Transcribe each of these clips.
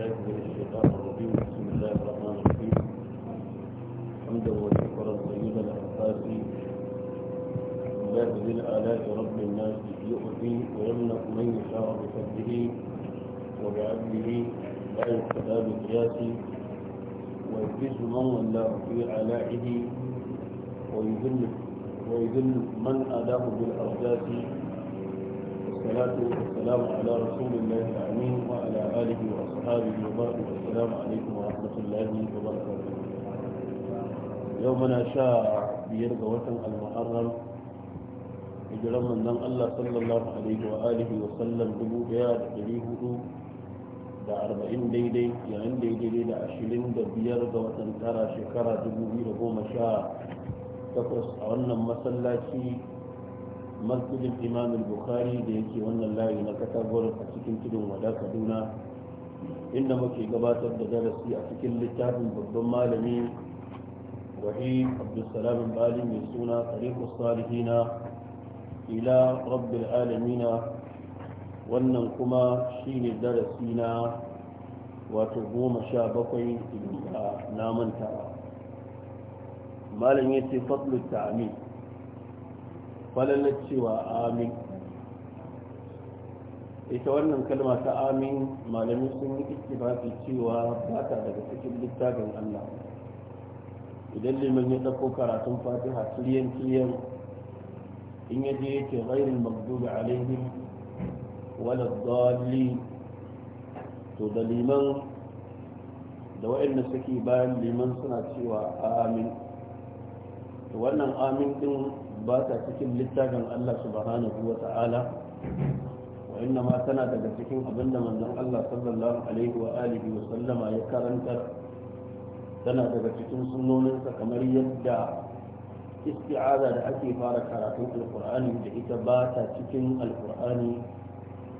بالله من الشيطان الرجيم بسم الله الرحمن الرحيم حمدا وشكرا طيبا الأنفاسي الله ذي الآلاء رب الناس يؤذي ويملك من يشاء بفضله وبعدله لا يقتدى بقياسه ويعز من ولاه في علائه ويذل ويذل من آلاه بالأرجاس والصلاة والسلام على رسول الله الأمين وعلى آله وأصحابه وبارك والسلام عليكم ورحمة الله وبركاته يومنا شاء بيرجى وطن المحرم hijiran manzon Allah sallallahu alaihi wa wa sallam dubu daya da dari hudu da arba'in daidai yayin daidai da ashirin da biyar ga watan tara shekara dubu biyu da goma sha takwas a wannan masallaci masjidin imam bukhari da yake wannan layi na katagwar a cikin tudun wada kaduna inda muke gabatar da darasi a cikin littafin babban malami wahid abdulsalam bali mai suna tariqus salihina ila rabbil alamina wannan kuma shine darasi na wato goma sha bakwai na mantawa malam yace fadlu ta'min falalar cewa amin ita wannan kalma ta amin malami sun yi ittifaqi cewa ba ta daga cikin littafin Allah idan liman ya ɗauko karatun Fatiha tiliyan tiliyan in yaje yake ghairil maghdubi alaihim wala dhalin to da liman da waɗanda suke bayan liman suna cewa amin to wannan amin din ba ta cikin littafin Allah subhanahu wa ta'ala wa inna ma tana daga cikin abinda manzon Allah sallallahu alaihi wa alihi wa sallama ya karanta tana daga cikin sunnoninsa kamar yadda isti'aza da ake fara karatun alqur'ani da ita ba ta cikin alqur'ani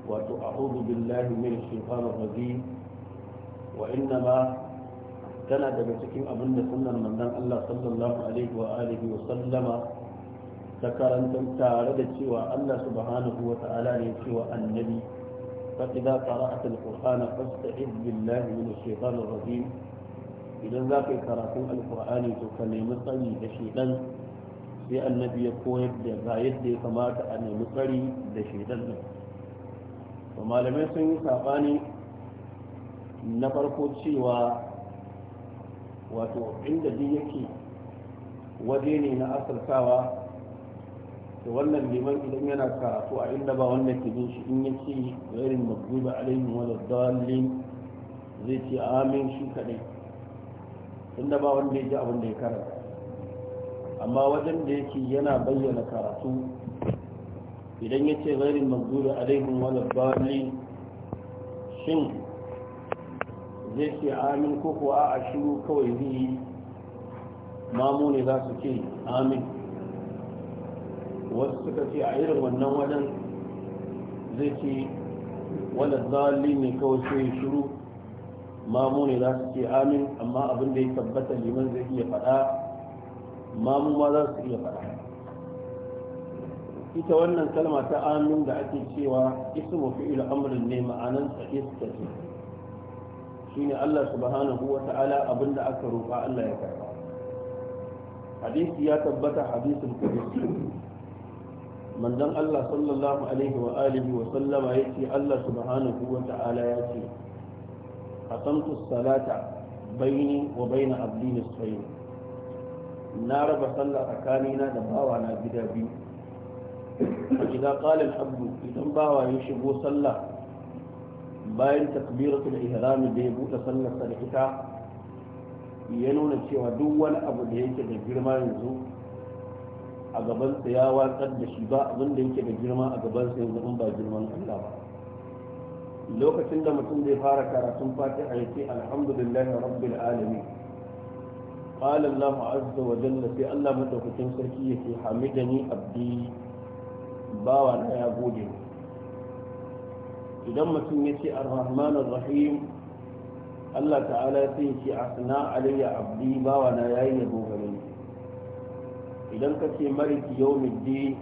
wato a'udhu billahi minash shaitanir rajim wa inna ma tana daga cikin abinda sunnar manzon Allah sallallahu alaihi wa alihi wa sallama takarantar tare da cewa Allah subhanahu wa ta'ala ne cewa annabi فإذا قرأت القرآن فاستعذ بالله من الشيطان الرجيم idan za ka yi karatun alkur'ani to ka nemi tsari da shaidan sai annabi ya koyar da ga yadda ya kamata a nemi tsari da shaidan din to malamai sun yi sabani na farko cewa wato inda yake waje ne na asartawa to wannan liman idan yana karatu a inda ba wannan ke bin shi in ya ce gairin magduba alaihim wala dalin zai ce amin shi kadai inda ba wanda ya ji abin da ya karanta amma wajen da yake yana bayyana karatu idan ya ce gairin magdubi alaihim wala dalin shin zai ce amin ko kuwa a shiru kawai zai yi mamu ne za su ce amin wasu suka ce a irin wannan wajen zai ce wala zali ne kawai sai shiru mamu ne za su ce amin amma abin da ya tabbata liman zai iya faɗa mamu ma za su iya faɗa ita wannan kalma ta amin da ake cewa ismu fi'il amrin ne ta iska ce shine Allah subhanahu wa ta'ala abinda aka roƙa Allah ya karba hadisi ya tabbata hadisin kudusi manzon Allah sallallahu alaihi wa alihi wa sallama yace Allah subhanahu wa ta'ala yace qasamtu salata baini wa baina abdi nisfayn na raba sallah tsakanina da bawa na gida biyu idza qala al-abdu idan bawa ya shigo sallah bayan takbiratul ihrami da ya buɗe sallar da ita ya nuna cewa duk wani abu da yake da girma yanzu a gabansa ya watsar da shi ba abin da yake da girma a gabansa yanzu in ba girman Allah ba lokacin da mutum zai fara karatun fatiha ya ce alhamdulillah rabbil alamin qala Allah azza wa jalla sai Allah madaukakin sarki yake hamidani abdi bawa na ya gode idan mutum ya ce ar-rahman Allah ta'ala sai ya ce asna alayya abdi bawa na yayi yabo idan ka ce mariki yawmiddin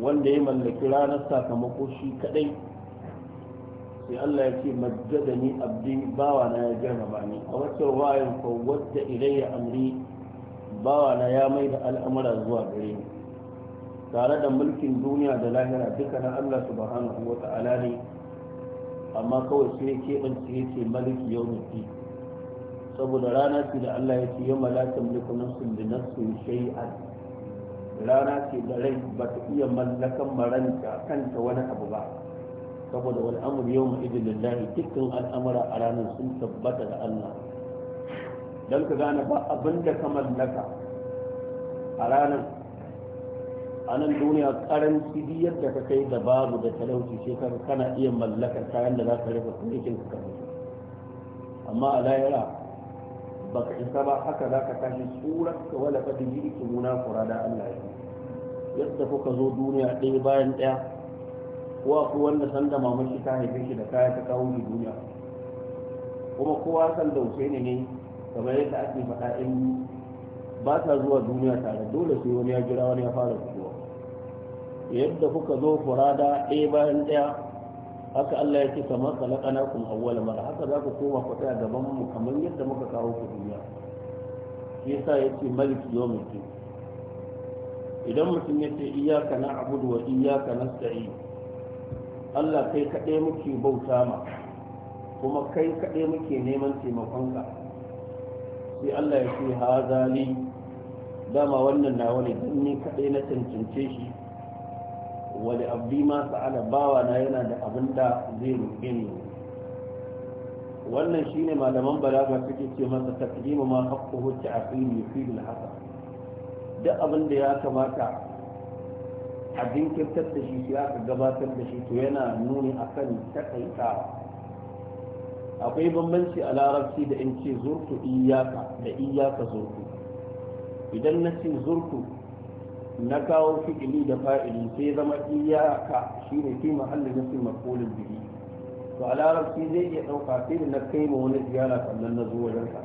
wanda ya mallaki ranar sakamako shi kadai sai Allah ya ce ne abdi bawa na ya ba ni a wacce wayan ko wadda ilayya amri bawa na ya mai da al'amura zuwa gare ni tare da mulkin duniya da lahira duka na Allah su wa wata ne amma kawai sai ke keɓance ya ce maliki yawmiddin saboda rana ce da Allah ya ce yau la tamliku nafsun li nafsin shay'an rana ce da rai ba ta iya mallakan maranta kanta wani abu ba saboda wani amur yau ma'idin lillahi dukkan al'amura a ranar sun tabbata da Allah don ka gane ba abin da ka mallaka a ranar a nan duniya karanci biyar da ka kai da babu da talauci ka kana iya mallakar kayan da za ka rufe kulikin ka kamar amma a layara baka isa ba haka za ka tashi tsurar ka wala ka dubi ki muna da Allah ya yadda kuka zo duniya ɗaya bayan ɗaya kowa ku wanda san da mamaki ta haife shi da kaya ta kawo shi duniya kuma kowa san da Husaini ne kamar yadda ake faɗa in ba ta zuwa duniya tare dole sai wani ya jira wani ya fara fitowa yadda kuka zo kura da ɗaya bayan ɗaya haka Allah ya ce kamar kuma awwala mara haka za ku koma ku tsaya gaban mu kamar yadda muka kawo ku duniya shi yasa yace malik yawmiddin idan mutum ya ce iyyaka na'budu wa iyyaka nasta'in Allah kai kaɗai muke bauta ma kuma kai kaɗai muke neman taimakonka sai Allah ya ce hazali dama wannan nawa ne dan ni kaɗai na cancance shi wani abdi ma sa'ala bawa na yana da abin da zai roƙe ne wannan shine malaman balaga suke ce masa taqdimu ma haqquhu ta'qim yufidu al-hasa duk abin da ya kamata a jinkirtar da shi sai aka gabatar da shi to yana nuni akan takaitawa akwai bambanci a larabci da in ce zurtu iyaka da iyaka zurtu idan na ce zurtu na kawo fi'ili da fa'ili sai zama iyaka shine fi mahallin nasin maqulun bihi to a larabci zai iya ɗauka sai na kai ma wani ziyara sannan na zo wajen ka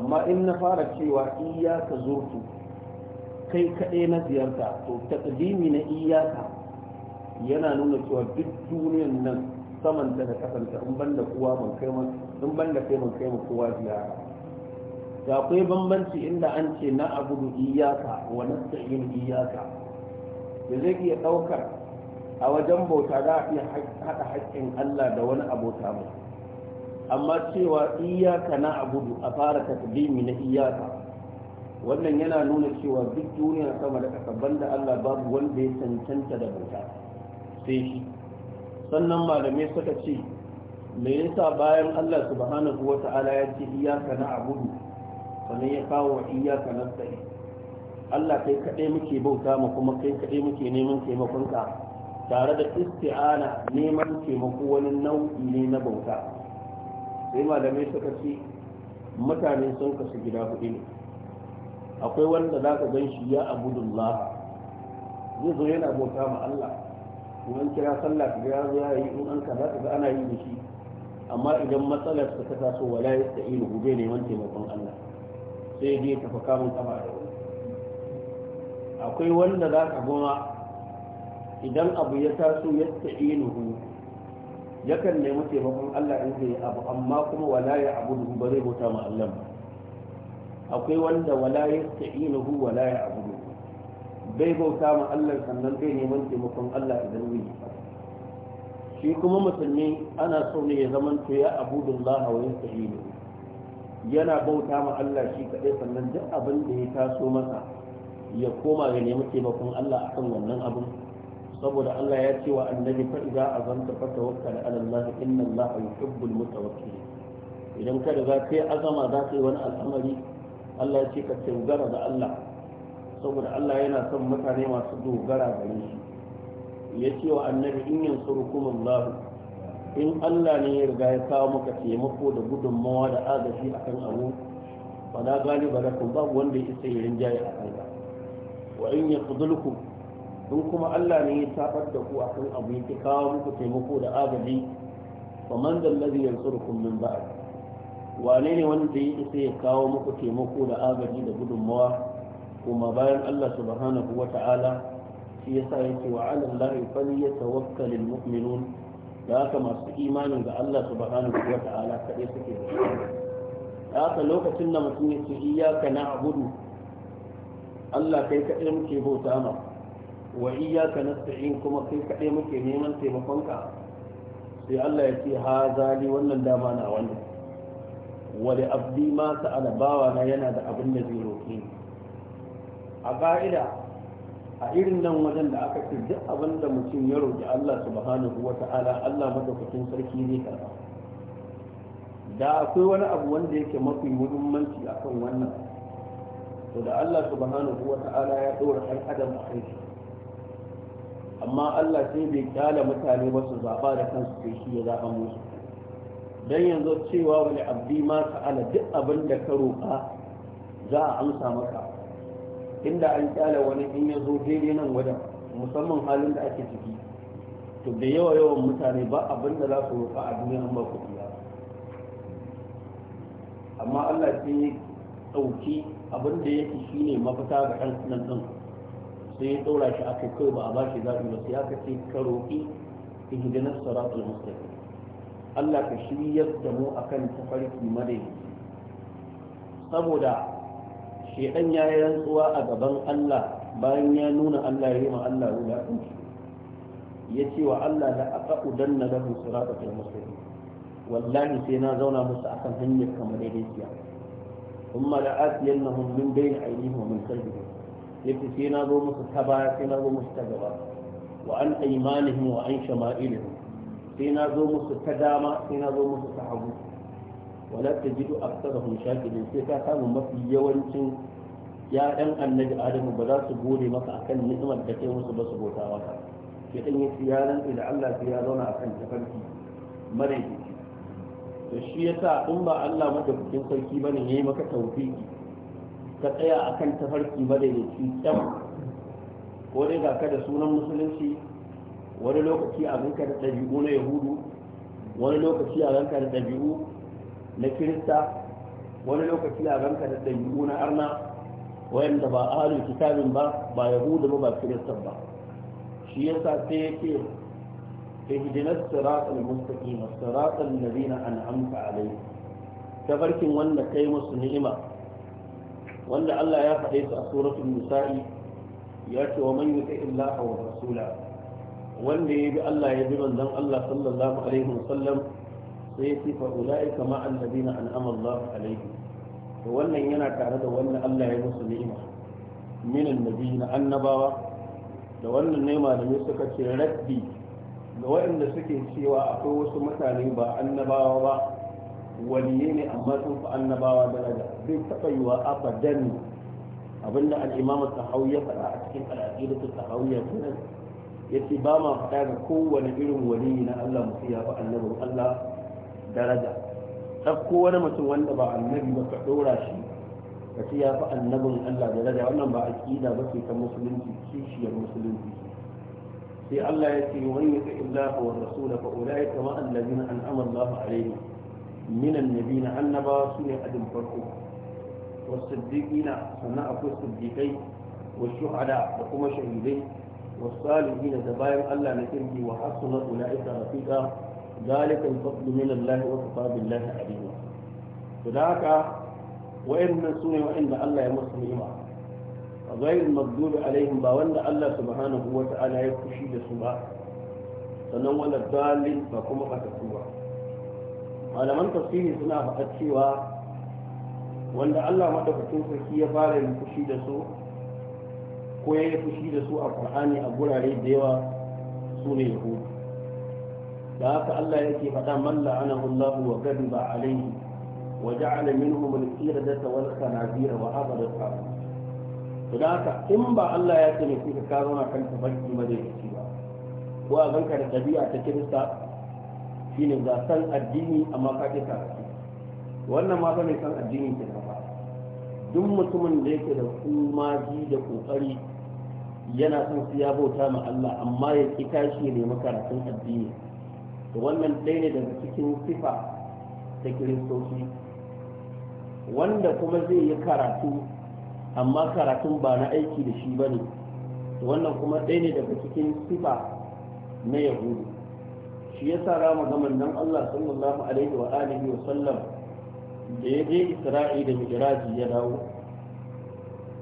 amma in na fara cewa iyaka zurtu kai kaɗai na ziyarta to takdimi na iyaka yana nuna cewa duk duniyan nan samanta da kasanta in banda kowa kai man kai man kowa ziyara da akwai bambanci inda an ce na da iyaka wa nasta'in iyaka da zai iya ɗaukar a wajen bauta za a iya haɗa haƙƙin Allah da wani abota mai amma cewa iyaka na abu a fara tasbimi na iyaka wannan yana nuna cewa duk duniya sama da kasabban da Allah babu wanda ya cancanta da bauta sai shi sannan malamai suka ce me yasa bayan Allah subhanahu wata'ala ya ce iyaka na gudu? sannan ya kawo wa iyaka nasta'in Allah kai kaɗai muke bauta mu kuma kai kaɗai muke neman taimakonka tare da isti'ana neman taimako wani nau'i ne na bauta sai malamai suka ce mutane sun kasu gida hudu ne akwai wanda za ka gan shi ya abudullah zai zo yana bauta ma Allah wani kira sallah ka zo ya yi in an kaza ka ga ana yi da shi amma idan matsalar ta taso wala yasta'inu gobe neman taimakon Allah sai ya tafi kamun kafa da wani. akwai wanda za ka goma idan abu ya taso ya ta'inuhu yakan nemi taimakon Allah in zai abu amma kuma wala ya abu duhu ba zai bauta ma Allah akwai wanda wala ya ta'inuhu wala ya abu duhu bai bauta ma Allah sannan bai neman taimakon Allah idan zai shi kuma musulmi ana so ne ya zama to ya abudullaha wa yasta'inuhu yana bauta ma Allah shi kaɗai sannan duk abin da ya taso masa ya koma ga nemi taimakon Allah akan wannan abin saboda Allah ya ce wa annabi fa idza azamta fa tawakkal ala Allah inna Allah yuhibbul mutawakkilin idan ka riga kai azama za ka yi wani al'amari Allah ya ce ka dogara da Allah saboda Allah yana son mutane masu dogara gare shi ya ce wa annabi in yansurukum Allah in Allah ne ya riga ya kawo maka taimako da gudunmawa da agaji a kan abu ba na gani ba lakum babu wanda ya isa yirin jaye a kanka wa in ya fudulku in kuma Allah ne ya tabar da ku a kan abu ya kawo muku taimako da agaji Ba man da ladhi yansurukum min ba'd wane ne wanda ya isa ya kawo muku taimako da agaji da gudunmawa kuma bayan Allah subhanahu Ta'ala shi yasa yake wa 'ala allahi falyatawakkalul mu'minun da haka masu imanin ga Allah subhanahu wa ta'ala kaɗai suke da shi da haka lokacin da mutum ya ce iyaka na Allah kai kaɗai muke bauta ma wa iyaka nasta'in kuma kai kaɗai muke neman taimakonka sai Allah ya ce ha zali wannan dama na wannan wani abdi ma sa'ala bawa yana da abin da zai roƙe a ƙa'ida a irin nan wajen da aka ce duk abin da mutum ya roƙi Allah subhanahu wa ta'ala Allah madaukakin sarki zai karɓa da akwai wani abu wanda yake mafi muhimmanci akan wannan to da Allah subhanahu wa ta'ala ya ɗora ɗan adam a kai amma Allah sai bai kyala mutane ba su zaɓa da kansu sai shi ya zaɓa musu dan yanzu cewa wani abdi ma ta'ala duk abin da ka roƙa za a amsa maka inda an kyala wani in ya zo daidai nan wajen musamman halin da ake ciki to da yawa yawan mutane ba abin da za su rufa a duniya an ba ku ba amma Allah ya ya ɗauki abin da yake shine mafita ga ɗan nan ɗin sai ya ɗora shi akai kai ba a ba shi zaɓi ba sai aka ce ka roƙi ihdinas siratal mustaqim Allah ka shiryar da mu akan tafarki madaidaici saboda shedan ya yi rantsuwa a gaban Allah bayan ya nuna Allah ya yi ma Allah wulaƙanci ya ce wa Allah da aka udan na lahu sirata ta musulmi wallahi sai na zauna musu akan hanyar kamar daidai siya umma da asiyan na bai bayin ainihi wa min kalbihi ya ce sai na zo musu ta baya sai na zo musu ta gaba wa an aimanihim wa an shama'ilihim sai na zo musu ta dama sai na zo musu ta hagu wala tajidu aktharahum shakirin sai ka samu mafi yawancin ya'yan annabi adamu ba za su gode maka a kan ni'imar da kai musu ba su bauta maka sai dan yace ya rantsi da Allah sai ya zauna a kan tafarki mare to shi ya sa in ba Allah madaukakin sarki ba ne ya yi maka tawfiki ka tsaya a kan tafarki madaidaici kyau ko dai ga ka da sunan musulunci wani lokaci a ganka da ɗabi'u na yahudu wani lokaci a ganka da ɗabi'u na kirista wani lokaci a ranka da ɗabi'u na arna wayanda ba ahalin kitabin ba ba yahuda ba ba kiristan ba shi yasa sai yake اهدنا الصراط ta الصراط الذين ni'ima. Wanda Allah ya كيمس su a الله Musa'i ya سورة النساء يأتي ومن يطع wa ورسوله wanda ya bi Allah ya bi manzon Allah sallallahu alaihi wasallam sai yace fa ulaika ma alladina an'ama Allah alaihim to wannan yana tare da wannan Allah ya musu ni'ima min annabiyina annabawa da wannan ne malamai suka ce rabbi da waɗanda suke cewa akwai wasu mutane ba annabawa ba waliye ne amma sun fi annabawa daraja zai taɓa yiwa abadan abinda al'imam sahau ya faɗa a cikin al'adilatu sahau ya tunan ya ce ba ma faɗa ga kowane irin waliyi na Allah musu ya fi annabin Allah daraja ɗauko wani mutum wanda ba annabi ba ka ɗora shi ka ce ya fi annabin Allah da daraja wannan ba aƙida ba ce ta musulunci kishiyar musulunci sai Allah ya ce wani ya ka illaha wa rasula fa ulai kama allazina an'ama Allah alaihim minan na annaba su ne adin farko na sannan akwai siddiqai wa shuhada da kuma shahidai والصالحين دبائر الله نتنجي وحسن أولئك رفيقا zalikal fadlu min Allah wa kafa billahi alima to da haka wa'annan sune wa'anda Allah ya musu ni'ima غير المغضوب عليهم ba wanda Allah subhanahu wa ta'ala ya fushi da su ba sannan wala dalil ba kuma katatu ba malaman tafsiri suna faɗa cewa wanda Allah madaukakin sarki ya fara yin kushi da su ko ya yi fushi da su a Qur'ani a gurare da yawa su ne yahudu da haka Allah yake faɗa man la'anahu Allah wa ghadiba alayhi wa ja'ala minhum al-qiradata wal khanazira wa abada al to da haka in ba Allah ya tsare ka ka zauna kan tafarki madaidaici ba ko a ganka da dabi'a ta kirista shine ba san addini amma ka ƙi karatu wannan ma ba ne san addini ke ba duk mutumin da yake da kumaji da kokari yana son su ya bauta ma Allah amma ya ƙi tashi ne makaratun addini to wannan ɗaya ne daga cikin sifa ta kiristoci wanda kuma zai yi karatu amma karatun ba na aiki da shi ba ne wannan kuma ɗaya ne daga cikin sifa na yahudu shi ya sa rama ga nan Allah sallallahu alaihi wa alihi wa sallam da ya je Isra'i da Mi'raji ya dawo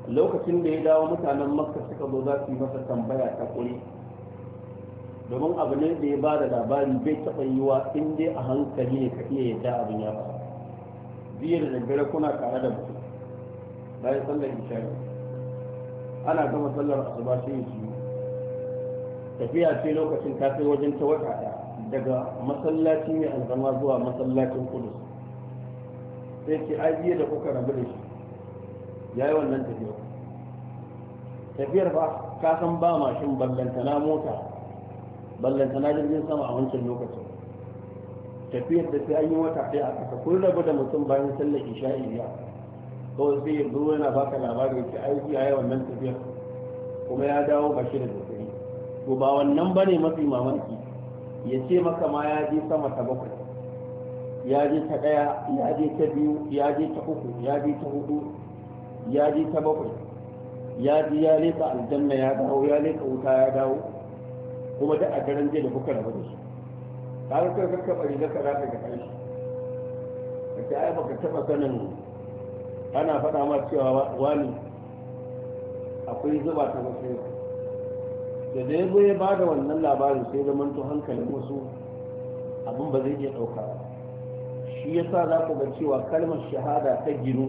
lokacin da ya dawo mutanen Makka suka zo za su yi masa tambaya ta kuri domin abu ne da ya ba da labari bai taɓa yiwa in dai a hankali ne ka iya yadda abin ya faru biyar da daddare kuna tare da mutum bayan sallar isha'i ana gama sallar asuba sai yi tafiya ce lokacin ta kai wajen ta wata ɗaya daga masallaci mai alzama zuwa masallacin kudus sai ce ajiye da kuka rabu da shi ya yi wannan tafiya tafiyar ba ka san ba mashin ballantana mota ballanta na jirgin sama a wancan lokacin tafiyar da sai an yi wata ɗaya a kasa kun rabu da mutum bayan sallar isha'i biya kawai sai ya zo yana baka labari ki aiki a yawan nan tafiyar kuma ya dawo ba shi da tafiyi to ba wannan ba ne mafi mamaki ya ce maka ma ya je sama ta bakwai ya je ta ɗaya ya je ta biyu ya je ta uku ya je ta hudu ya je ta bakwai ya ji ya leka aljanna ya dawo ya leka wuta ya dawo kuma da a daren jiya da kuka rabu da su. ka ga kai kakka bari na kaza ka kai shi kace ai baka taba sanin ana faɗa ma cewa wani akwai zuba ta wasu da da ya ya ba da wannan labarin sai zaman to hankalin wasu abin ba zai iya ɗauka shi ya sa za ku ga cewa kalmar shahada ta ginu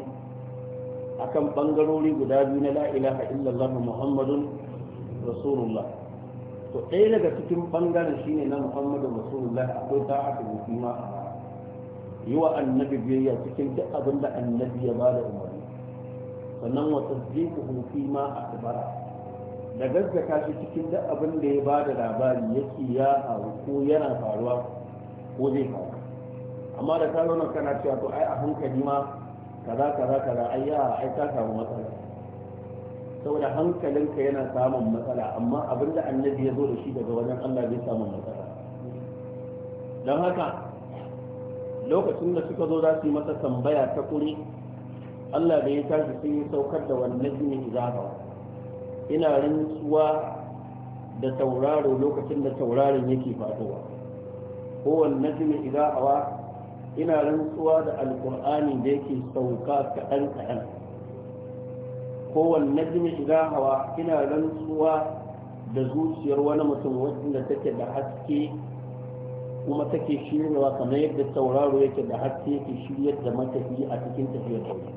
akan ɓangarori guda biyu na la ilaha illallah muhammadun rasulullah to ɗaya daga cikin ɓangaren shine na muhammadu rasulullahi akwai a musulma yi wa annabi biyayya cikin duk abin da annabi ya ba da umarni sannan wa tasdiquhu fi ma akbara da gaskata shi cikin duk abin da ya ba da labari yake ya faru ko yana faruwa ko zai faru amma da ka na kana cewa to ai a hankali ma kaza kaza kaza ai ya ai ta samu matsala saboda hankalinka yana samun matsala amma abin da annabi ya zo da shi daga wajen Allah bai samun matsala don haka lokacin da suka zo za su yi masa tambaya ta kuri Allah da ya tashi sun yi saukar da wannan jini zaba ina rantsuwa da tauraro lokacin da taurarin yake fadowa ko jini idawa ina rantsuwa da alkur'ani da yake sauka kaɗan kaɗan kowanne jini shiga hawa ina rantsuwa da zuciyar wani mutum wanda take da haske kuma take shiryawa kamar yadda tauraro yake da haske yake shiryar da matafi a cikin tafiyar tauri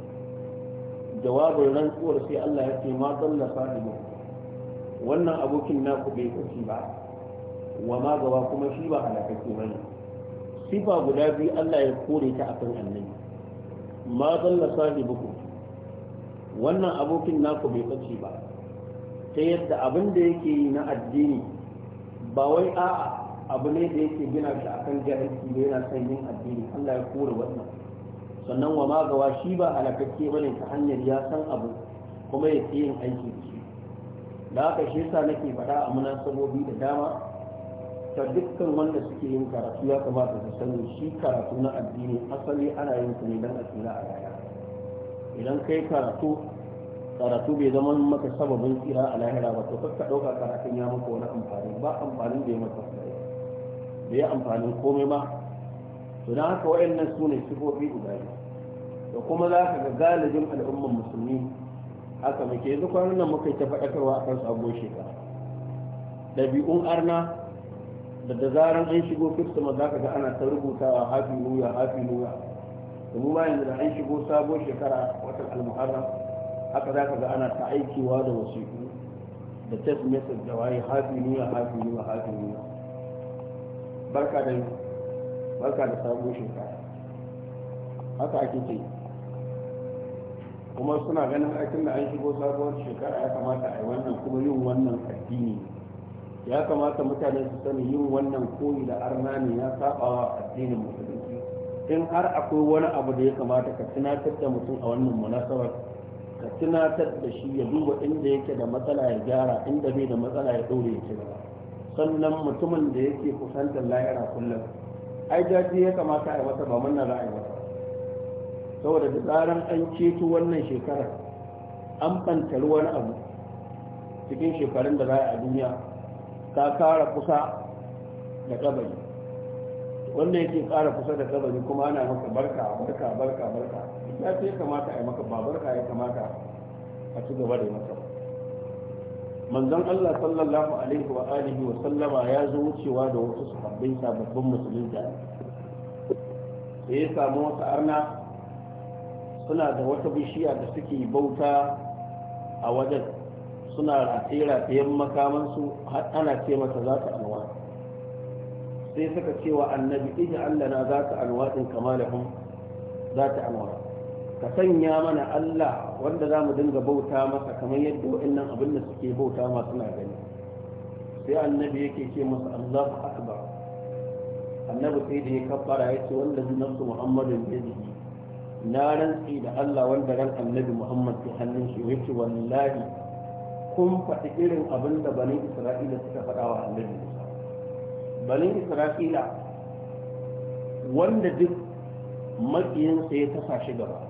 jawabin rantsuwar sai Allah ya ce ma dalla sahibu wannan abokin naku bai kaci ba wa ma gaba kuma shi ba halakake bane sifa guda biyu Allah ya kore ta akan annabi ma dalla sahibukum wannan abokin naku bai ɓace ba ta yadda abin da yake yi na addini ba wai a'a abu ne da yake gina shi akan jahilci da yana son yin addini Allah ya kore wannan sannan wa magawa shi ba halakakke ne ta hanyar ya san abu kuma ya yin aiki da shi da haka shi yasa nake faɗa a munasabobi da dama ta dukkan wanda suke yin karatu ya kamata su sani shi karatu na addini asali ana yin su ne don a tsira a raya idan kai karatu karatu bai zama maka sababin tsira a lahira ba to ka ɗauka karatun ya maka wani amfani ba amfanin bai maka bai amfanin komai ba to dan haka wayannan su ne sifofi guda da kuma za ka ga galibin al'ummar musulmi haka muke yanzu kwanan nan muka ta faɗakarwa a kan sabuwar shekara ɗabi'un arna da da zaran an shigo kirsimar za ka ga ana ta rubutawa hafi nuya hafi nuya da mu yanzu da an shigo sabon shekara watan almuharram haka za ka ga ana ta aikiwa da wasu da text message da waye hafi nuna hafi nuna hafi nuna barka da barka da sabon shekara haka ake ce kuma suna ganin aikin da an shigo sabuwar shekara ya kamata a yi wannan kuma yin wannan addini ya kamata mutane su sani yin wannan koyi da arna ne ya saba wa addinin musulmi in har akwai wani abu da ya kamata ka tunatar da mutum a wannan munasabar ka tunatar da shi ya duba inda yake da matsala ya gyara inda bai da matsala ya ɗore ya cigaba sannan mutumin da yake kusantar lahira kullum ai jaji ya kamata a yi masa ba manna za a yi masa saboda da tsarin an ceto wannan shekarar an fantari wani abu cikin shekarun da za a duniya ka kara kusa da kabari wanda yake ƙara kusa da kabari kuma ana maka barka barka barka barka ya ce kamata a yi maka ba barka ya kamata a ci gaba da maka manzon Allah sallallahu alaihi wa alihi wa sallama ya zo wucewa da wasu sahabbai sababbin musulunta sai ya samu wata arna suna da wata bishiya da suke bauta a wajen suna rataye-ratayen makamansu har ana ce mata za ta alwa sai suka ce wa annabi ija Allah na za ta alwaɗin kamalahum za ta alwa ka sanya mana Allah wanda za mu dinga bauta masa kamar yadda wa'annan abin da suke bauta ma suna gani sai annabi yake ce masa Allahu akbar annabi sai da ya kabbara ya ce wanda nafsu muhammadin bihi na rantsi da Allah wanda ran annabi Muhammad ke hannun shi yace wallahi kun faɗi irin abin da bani Isra'ila suka faɗa wa annabi banin isra'ila wanda duk makiyinsa ya tasa shi gaba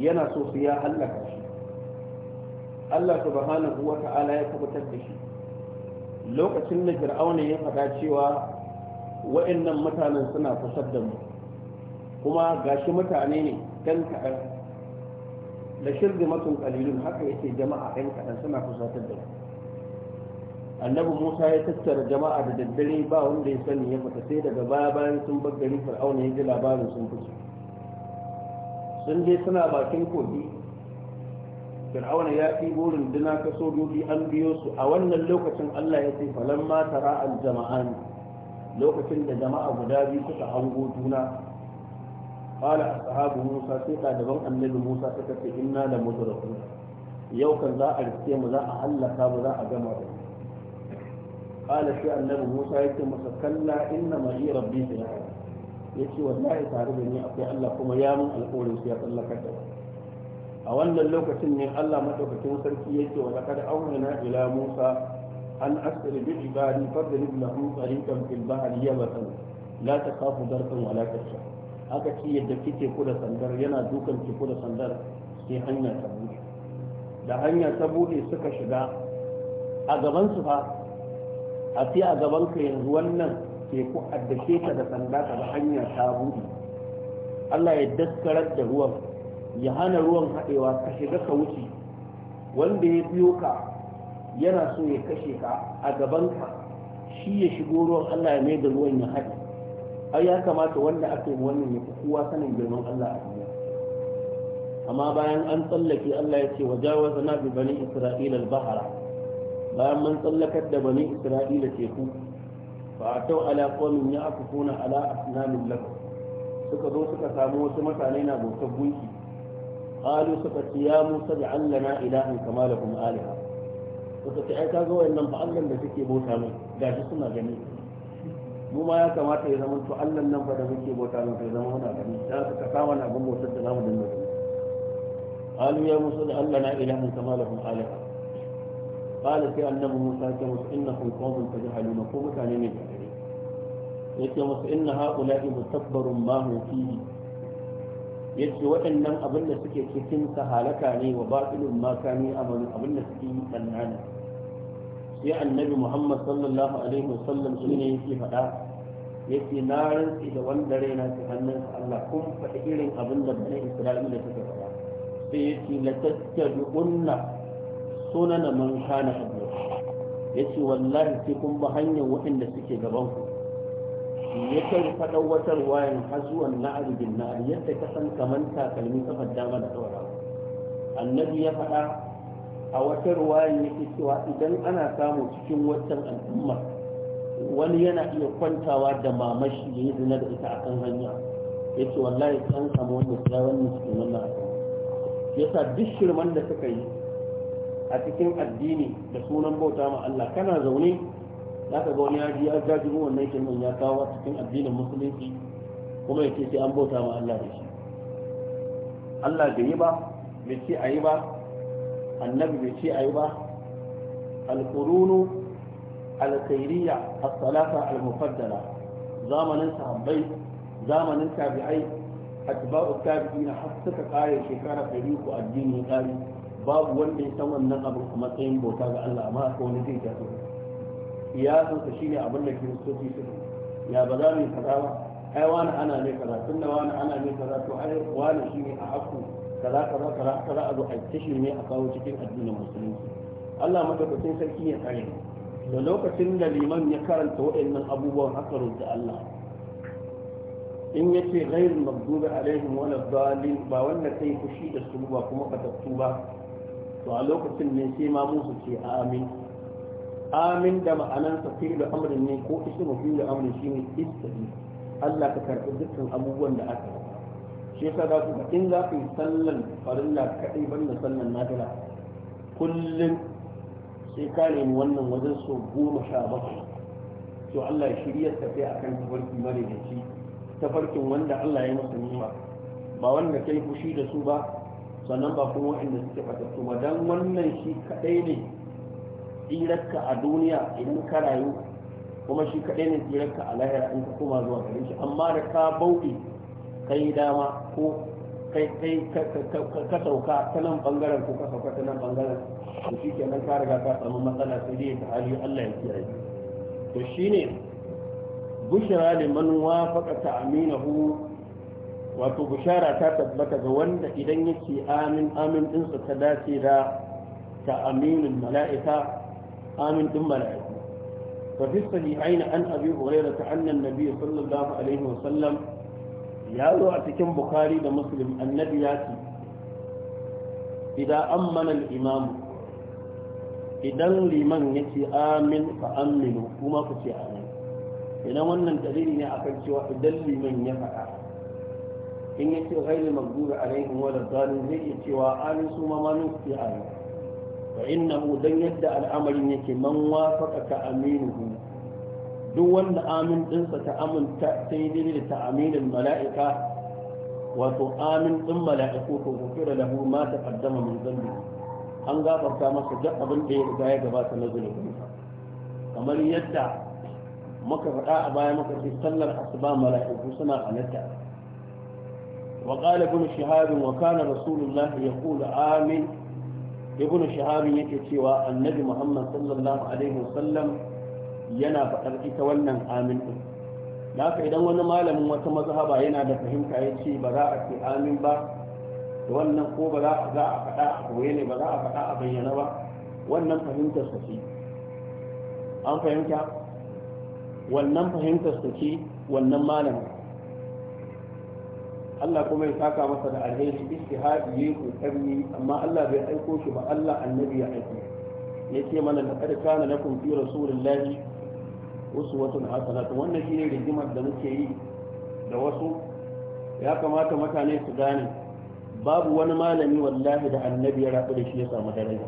yana so su ya hallaka shi Allah subhanahu wa ta'ala ya tabbatar da shi lokacin da fir'auna ya faɗa cewa wa'annan mutanen suna fasar da mu kuma gashi mutane ne ɗan kaɗan da shirgi matun kalilun haka yake jama'a ɗan kaɗan suna fusatar da mu annabi musa ya tattara jama'a da daddare ba wanda ya sani ya fita sai daga baya bayan sun bar gari fir'auna ya ji labarin sun fito sun je suna bakin kogi fir'auna ya fi burin dina ka dubi an biyo su a wannan lokacin allah ya ce falan ma tara al jama'an lokacin da jama'a guda biyu suka hango juna qala ashabu musa sai ɗaliban annabi musa suka ce inna la mudrakun yau kan za a riske mu za a hallaka mu za a gama da mu qala shi annabi Musa yake masa kalla inna ma yi rabbi ya yace wallahi tare da ni akwai Allah kuma ya mun alƙawarin sai ya a wannan lokacin ne Allah madaukakin sarki yake wa laqad awhayna ila Musa an asir bi ibadi fadrib lahum tariqan fil bahri yabatan la takhafu darkan wala tasha aka ce yadda kike ku da sandar yana dukan ki ku da sandar sai hanya ta buɗe da hanya ta suka shiga a gaban su fa a fi a gabanka yanzu wannan teku addake ka da sanda ka da hanya ta buɗe Allah ya daskarar da ruwan ya hana ruwan haɗewa ka shiga ka wuce wanda ya biyo ka yana so ya kashe ka a gabanka shi ya shigo ruwan Allah ya mai da ruwan ya haɗe ai ya kamata wanda aka yi wannan ya fi sanin girman Allah a duniya amma bayan an tsallake Allah ya ce wajawaza na bi bani Isra'ila al-bahara bayan mun tsallakar da bani isra'ila teku ba a tau ala qawmin ya'kufuna ala a sinamin lakum suka zo suka samu wasu mutane na bautar gunki qalu suka ci ya musa da ja'al lana ilahan kama kuma alaha suka ce ai kaga wayannan ba Allah da suke bauta mai shi suna gani mu ma ya kamata ya zama to Allah nan fa da muke bauta mai sai zama muna gani da suka kawo na abin bautar da zamu dinga gani qalu ya musa ja'al lana ilahan kama lakum alaha قال في أنه موسى كمس إنكم قوم تجهلون قوم كان من جهلين يتمس إن هؤلاء مستكبر ما هو فيه yace waɗannan abin da suke cikin sa halaka ne wa batilun ma kani amalu abin da suke yi sannan sai annabi Muhammad sallallahu alaihi wasallam shi ne yake faɗa yace na rantsi da wanda raina ke hannun Allah kun faɗi irin abin da bani Isra'ila suka faɗa sai yace la tattabi'unna sunan man kana ya yace wallahi sai kun ba hanyar waɗanda suke gaban ku ya kai faɗa watar wayan har zuwa na'ar bin yadda ka san kaman takalmi kafar dama da tsawara annabi ya faɗa a wata ya yake cewa idan ana samu cikin waccan al'umma wani yana iya kwantawa da mamashi da yi zina da ita akan hanya ya ce wallahi an samu wanda wannan cikin wannan al'umma Ya duk shirman da suka yi a cikin addini da sunan bauta ma Allah kana zaune za ka ga wani yaji ya jajibo wannan ya kawo a cikin addinin musulunci kuma ya ce sai an bauta ma Allah da shi Allah bai yi ba bai ce a yi ba annabi bai ce a yi ba al alkhairiyya as-salata al-mufaddala zamanin sahabbai zamanin tabi'ai atba'u tabi'ina har suka kare shekara 300 addini ya kare babu wanda ya san wannan abin a matsayin bauta ga Allah amma akwai wani zai Ya san iyasansa shine abin da kiristoci suka ya ba za mu yi kaza ba ai wani ana ne kaza tunda wani ana ne kaza to ai wani shine a haku kaza kaza kaza kaza a zo a tashi ne a kawo cikin addinin musulunci Allah madaukakin sarki ya kare da lokacin da liman ya karanta waɗannan abubuwan haka da Allah in ya ce gairin magdubi alaihim wala dalil ba wanda kai fushi da su ba kuma ba fatattu ba to a lokacin ne sai ma musu ce amin amin da ma'anan sa fi'lu amrin ne ko ismu fi'lu amrin shine istabi Allah ka karɓi dukkan abubuwan da aka yi shi yasa za ku in za ku yi sallan farilla kaɗai da sallan nafila kullum sai ka nemi wannan wajen so goma sha bakwai to Allah ya shirya tafiya akan tafarki madaidaici tafarkin wanda Allah ya masa nima ba wanda kai fushi da su ba sannan ba kuma waɗanda suke fatattu ba dan wannan shi kadai ne tsirarka a duniya idan ka rayu kuma shi kadai ne tsirarka a lahira in ka koma zuwa gare shi amma da ka bauɗe kai dama ko kai kai ka sauka ta nan bangaren ko ka sauka ta nan bangaren to shi ke nan ka riga ka samu matsala sai dai ta hali Allah ya kiyaye to shine bushra liman wafaqa ta'minahu wato bushara ta tabbata ga wanda idan yake amin amin dinsa ta dace da ta aminin mala'ika amin din mala'iku fa fi sahihaina an abi hurairah ta annan nabi sallallahu alaihi wa sallam ya zo a cikin bukhari da muslim annabi ya ce idan ammana al-imam idan liman yace amin fa aminu kuma ku ce amin idan wannan dalili ne akan cewa idan liman ya faɗa in yace ghayril maghdubi alaihim walad dalin zai iya cewa amin su ma manu fi amin fa innahu dan yadda al'amarin yake man wafaqaka aminuhu duk wanda amin dinsa ta aminta sai dai da ta aminin mala'ika wato amin din mala'iku ko gufira lahu ma ta taqaddama min dhanbi an gafarta masa duk abin da ya riga ya gabata na zunubi kamar yadda muka faɗa a baya muka ce sallar asuba mala'iku suna halatta وقال ابن شهاب وكان رسول الله يقول آمين ابن شهاب يكتي النبي محمد صلى الله عليه وسلم yana faɗar ita wannan amin ɗin idan wani malamin wata mazhaba yana da fahimta ya ce ba za a ce amin ba da wannan ko ba za a faɗa a koye ne ba za a a bayyana ba wannan fahimtar an fahimta wannan fahimtar wannan malamin Allah kuma ya saka masa da alheri istihadi yayi kokari amma Allah bai aiko shi ba Allah annabi ya aiko ce mana laqad kana lakum fi rasulillahi uswatun hasanatu wannan shine rigimar da muke yi da wasu ya kamata mutane su gane babu wani malami wallahi da annabi ya rabu da shi ya samu daraja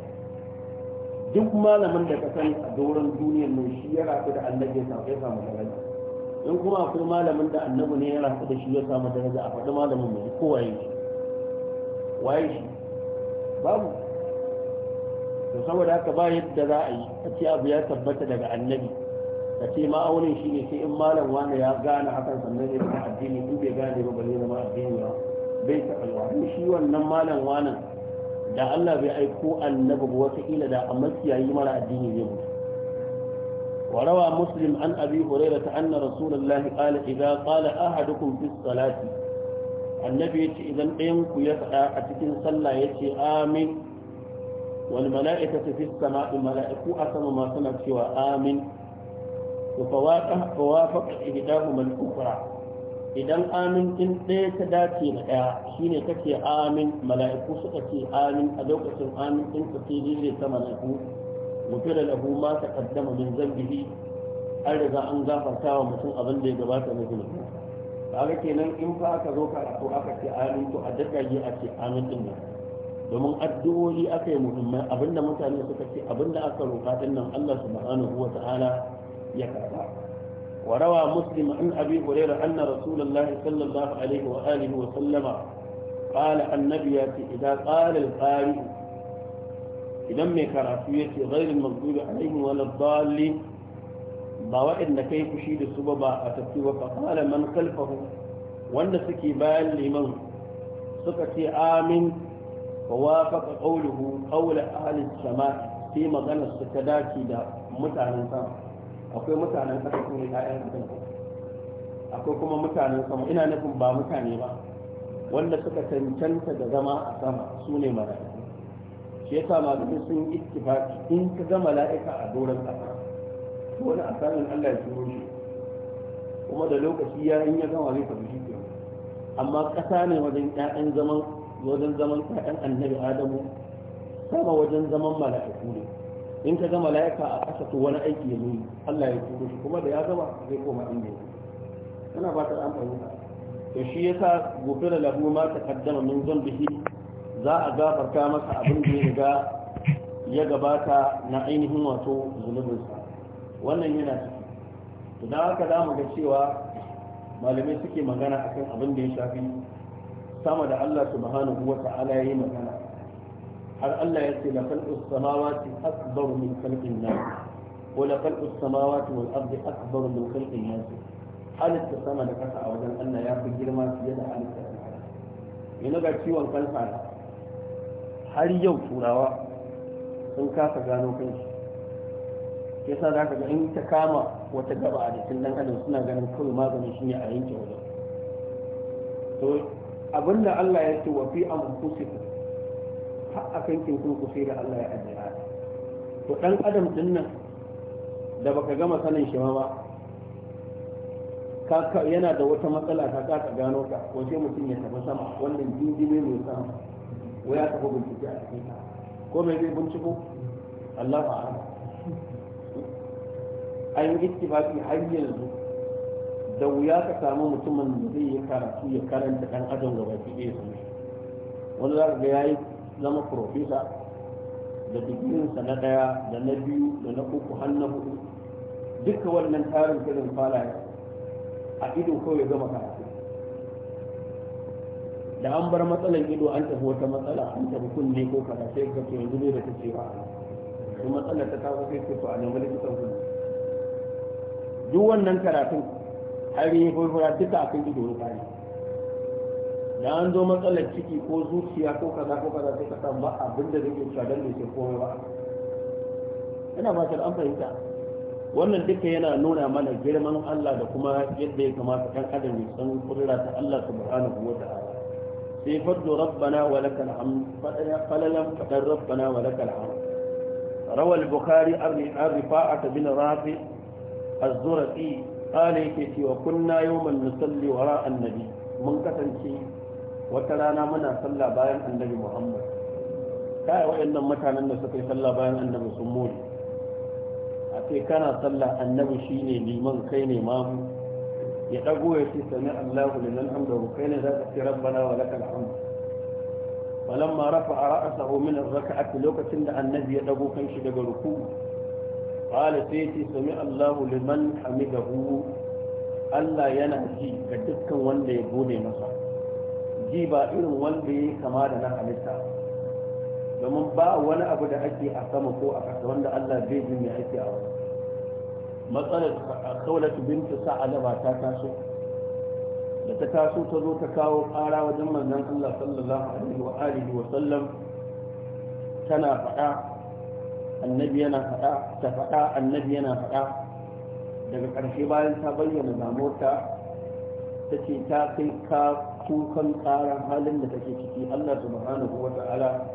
duk malamin da ka sani a doron duniyar nan shi ya rabu da annabi ya samu daraja in kuma akwai malamin da annabi ne ya rasu da shi ya samu daraja a faɗi malamin mai kowaye shi waye shi babu to saboda haka ba yadda za a yi a ce abu ya tabbata daga annabi ka ce ma'aunin shi ne sai in malam wani ya gane hakan sannan ya zama addini in bai gane ba bai zama addini ba bai taɓa yi shi wannan malam wanan da Allah bai aiko annabi ba wata ila da a makiyayi mara addini zai mutu وروى مسلم عن أبي هريرة أن رسول الله قال إذا قال أحدكم في الصلاة النبي إذا قيمك يفعى أتكين صلى يتي آمين والملائكة في السماء ملائكة أسم ما سمت سوى آمين فوافق إهداهما الأخرى idan amin din ɗaya ta dace da ɗaya shine kake amin mala'iku suka ce amin a lokacin amin din ka ce ta mala'iku غفر له ما تقدم من ذنبه an riga an gafarta wa mutum abin da ya gabata na zunubi kaga kenan in fa aka zo karatu aka ce amin to a daddage a ce amin din nan domin addu'o'i aka yi muhimmai abinda mutane suka ce abinda aka roƙa din nan Allah subhanahu wa ta'ala ya karba wa rawa muslim an abi hurairah anna rasulullah sallallahu alaihi wa alihi wa sallama qala annabi ya ce idan qala al-qari idan mai karatu ya ce zairin mazdubi yin wani dalli ba waɗanda kai fushi da su ba ba a tafi wa faqala man khalfahu wanda suke bayan liman suka ce amin fa wafaqa qawluhu qawla ahli as-sama' sai magana su ta dace da mutanen sama akwai mutanen ƙasa su ne ƴaƴan ƙasa akwai kuma mutanen sama ina nufin ba mutane ba wanda suka cancanta da zama a sama su ne marayu shi yasa malamai sun yi ittifaqi in ka ga mala'ika a doron ƙasa to wani asamin Allah ya turo shi kuma da lokaci ya in ya gama zai tafi shi amma ƙasa ne wajen ƴaƴan zaman wajen zaman ƴaƴan annabi Adamu sama wajen zaman mala'iku ne in ka ga mala'ika a ƙasa to wani aiki ya yi Allah ya turo shi kuma da ya gama zai koma inda ya kana ba ta an fahimta to shi yasa gobira lahu ma ta taqaddama min zambihi za a gafarta masa abin da ya riga ya gabata na ainihin wato zunubinsa wannan yana ciki idan haka za mu ga cewa malamai suke magana akan abin da ya shafi sama da Allah subhanahu wa ta'ala ya yi magana har Allah ya ce la khalqu samawati akbaru min khalqin nas wa la khalqu samawati wal ardi akbaru min khalqin nas halitta sama da ƙasa a wajen Allah ya fi girma fiye da halitta yana ga ciwon kansa har yau turawa sun kasa gano kanshi ke sa za ka ga in ta kama wata gaba a jikin dan adam suna ganin kawai maganin shi ne a yanke wajen to abinda Allah ya ce wa fi anfusikum har akan kin kun ku da Allah ya ajiya to dan adam din nan da baka gama sanin shi ba yana da wata matsala ta kasa gano ka wace mutum ya tafi sama wannan jinjime mai sama ko ya taɓa bincike a cikin ta ko mai zai binciko Allah ba a an yi ittifaqi har yanzu da wuya ka samu mutumin da zai yi karatu ya karanta ɗan adam gaba ki ɗaya shi. wani za ka ga ya yi zama profesa da digirinsa na ɗaya da na biyu da na uku har na hudu duka wannan tarin kirin falaya a ido kawai gama karatu da an bar matsalan ido an tafi wata matsala an tafi kunne ko kada sai ka ce yanzu bai da ta ba to matsalar ta kawo sai ce to a nemi likitan kuma. duk wannan karatun har yi furfura duka akan ido ne da an zo matsalar ciki ko zuciya ko kaza ko kaza sai ka san ba abin da zai cewa dan ne ke komai ba ina ba an fahimta wannan duka yana nuna mana girman Allah da kuma yadda ya kamata kan adam ya san kudura ta Allah subhanahu wa ta'ala sai faddu rabbana wa lakal hamd falalam fadar rabbana wa lakal hamd rawa al-bukhari ar-rifa'at bin rafi az-zurqi qala yake cewa kunna yawman nusalli wara annabi mun kasance wata rana muna sallah bayan annabi muhammad kai waɗannan mutanen da suka yi sallah bayan annabi sun more a ce kana sallah annabi shine liman kai ne mamu ya dago ya ce sami Allahu liman hamdahu kai ne za ka ce rabbana wa lakal hamd falamma rafa'a ra'sahu min ar-rak'ati lokacin da annabi ya dago kan shi daga ruku'u qala sai ce sami Allahu liman hamidahu Allah yana ji ga dukkan wanda ya gode masa ji ba irin wanda ya kama da na halitta domin ba wani abu da ake a sama ko a ƙasa wanda Allah bai ji mai ake a wani matsalar kaulatu binta sa'alaba ta taso da ta taso ta zo ta kawo ƙara wajen manzan Allah sallallahu alaihi wa alihi wa sallam tana faɗa annabi yana faɗa ta faɗa annabi yana faɗa daga ƙarshe bayan ta bayyana damuwarta ta ce ta kai ka kukan ƙarar halin da take ciki Allah subhanahu wa ta'ala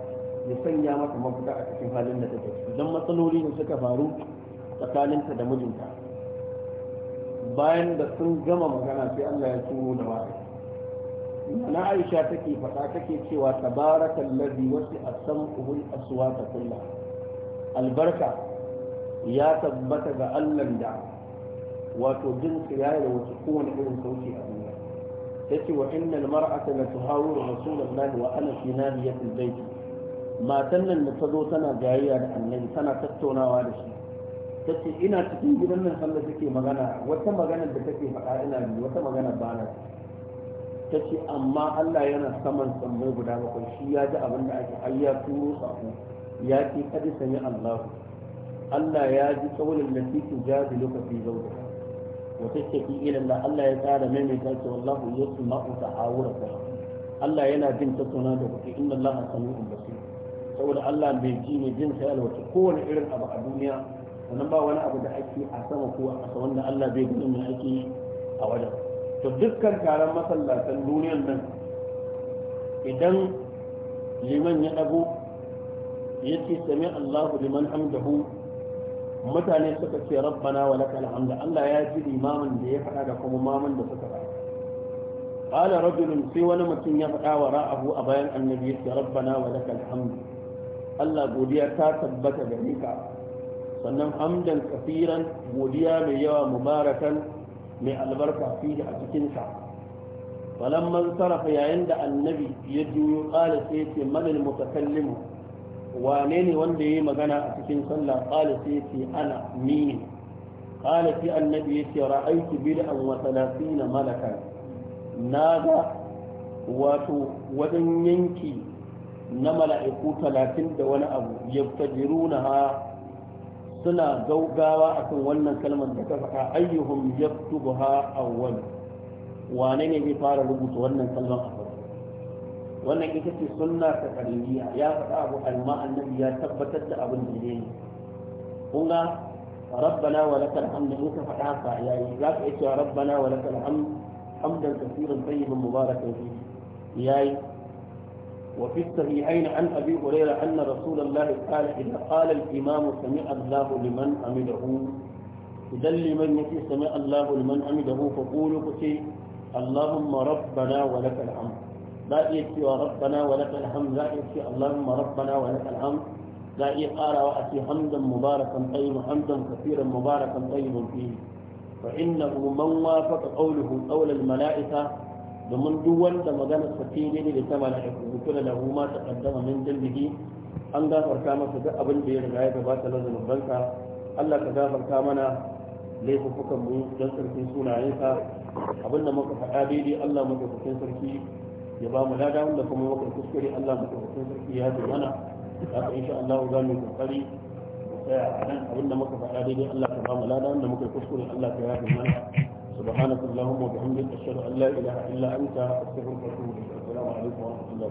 ya sanya mata mafita a cikin halin da take ciki don matsaloli da suka faru tsakaninta da mijinta bayan da sun gama magana sai Allah ya turo da wahayi na Aisha take faɗa take cewa tabarakal ladhi wasi'a sam'uhu aswata kullah albarka ya tabbata ga Allah da wato jin ya da wasu kowane irin sauki a duniya ce wa innal mar'ata la tuhawiru rasulullahi wa ana fi nahiyatil bayt matan nan da ta zo tana jayayya da annabi tana tattaunawa da shi ta ce ina cikin gidan nan sallah take magana wata magana da take faɗa ina bi wata magana ba na ta ce amma Allah yana saman sammai guda bakwai shi ya ji abin da ake har ya turo sako ya ce kadi sanya Allah Allah ya ji kaulin da take jazi lokaci zauda wata ce ki ila Allah Allah ya tsara mai mai tace wallahu yasma'u ta'awuraka Allah yana jin tattauna da kuke inna Allah sami'un basir saboda Allah mai ji ne jin sai alwata kowane irin abu a duniya wannan ba wani abu da ake a sama ko a ƙasa wanda Allah bai gudun mai ake a wajen to dukkan taron masallatan duniyar nan idan liman ya ɗago ya ce sami Allahu liman hamdahu mutane suka ce rabbana wa lakal hamd Allah ya ji limamin da ya faɗa da kuma maman da suka faɗa qala rajulun sai wani mutum ya faɗa wa ra'ahu a bayan annabi ya ce rabbana wa lakal hamd Allah godiya ta tabbata gare ka sannan hamdan kafiran godiya mai yawa mubarakan mai albarka fiye a cikinsa falamman sarrafa yayin da annabi ya juyo ƙala sai ce manil mutakallimu wane ne wanda ya yi magana a cikin sallah ƙala sai ce ana mini? ne sai annabi ya ce ra'aiki bid'an wa talatina malakan na ga wato wajen yanki na mala'iku talatin da wani abu yabtajiruna ha suna gaugawa akan wannan kalmar da ka faɗa ayyuhum yaktubuha awwal wane ne zai fara rubuta wannan kalmar a farko wannan ita ce sunna ta qariniya ya faɗa abu alma annabi ya tabbatar da abin da ne kun ga rabbana wa lakal hamd in ka faɗa ka yayi za ka iya rabbana wa lakal hamd hamdan kaseeran tayyiban mubarakan fihi yayi وفي الصحيحين عن أبي هريرة أن رسول الله قال إذا قال الإمام سمع الله لمن حمده إذا لمن يتي سمع الله لمن حمده فقولوا كتي اللهم ربنا ولك الحمد لا يكفي ربنا ولك الحمد لا يكفي اللهم ربنا ولك الحمد لا يقارى وأتي حمدا مباركا طيبا حمدا كثيرا مباركا طيبا فيه فإنه من وافق قوله قول الملائكة domin duk wanda magana sa ce ne da da mala'iku kuna da huma ta kaddama min dalbihi an gafarta masa duk abin da ya riga ya gabata na zanubanka Allah ka gafarta mana laifukan mu don sarki sunayenka abin da muka faɗa daidai Allah madaukakin sarki ya ba mu lada wanda kuma muka kuskure Allah madaukakin sarki ya zo mana haka insha Allah za mu kokari mu tsaya a nan abin da muka faɗa daidai Allah ka ba mu lada wanda muka kuskure Allah ka yi mana سبحانك اللهم وبحمدك اشهد ان لا اله الا انت استغفرك واتوب اليك السلام عليكم ورحمه الله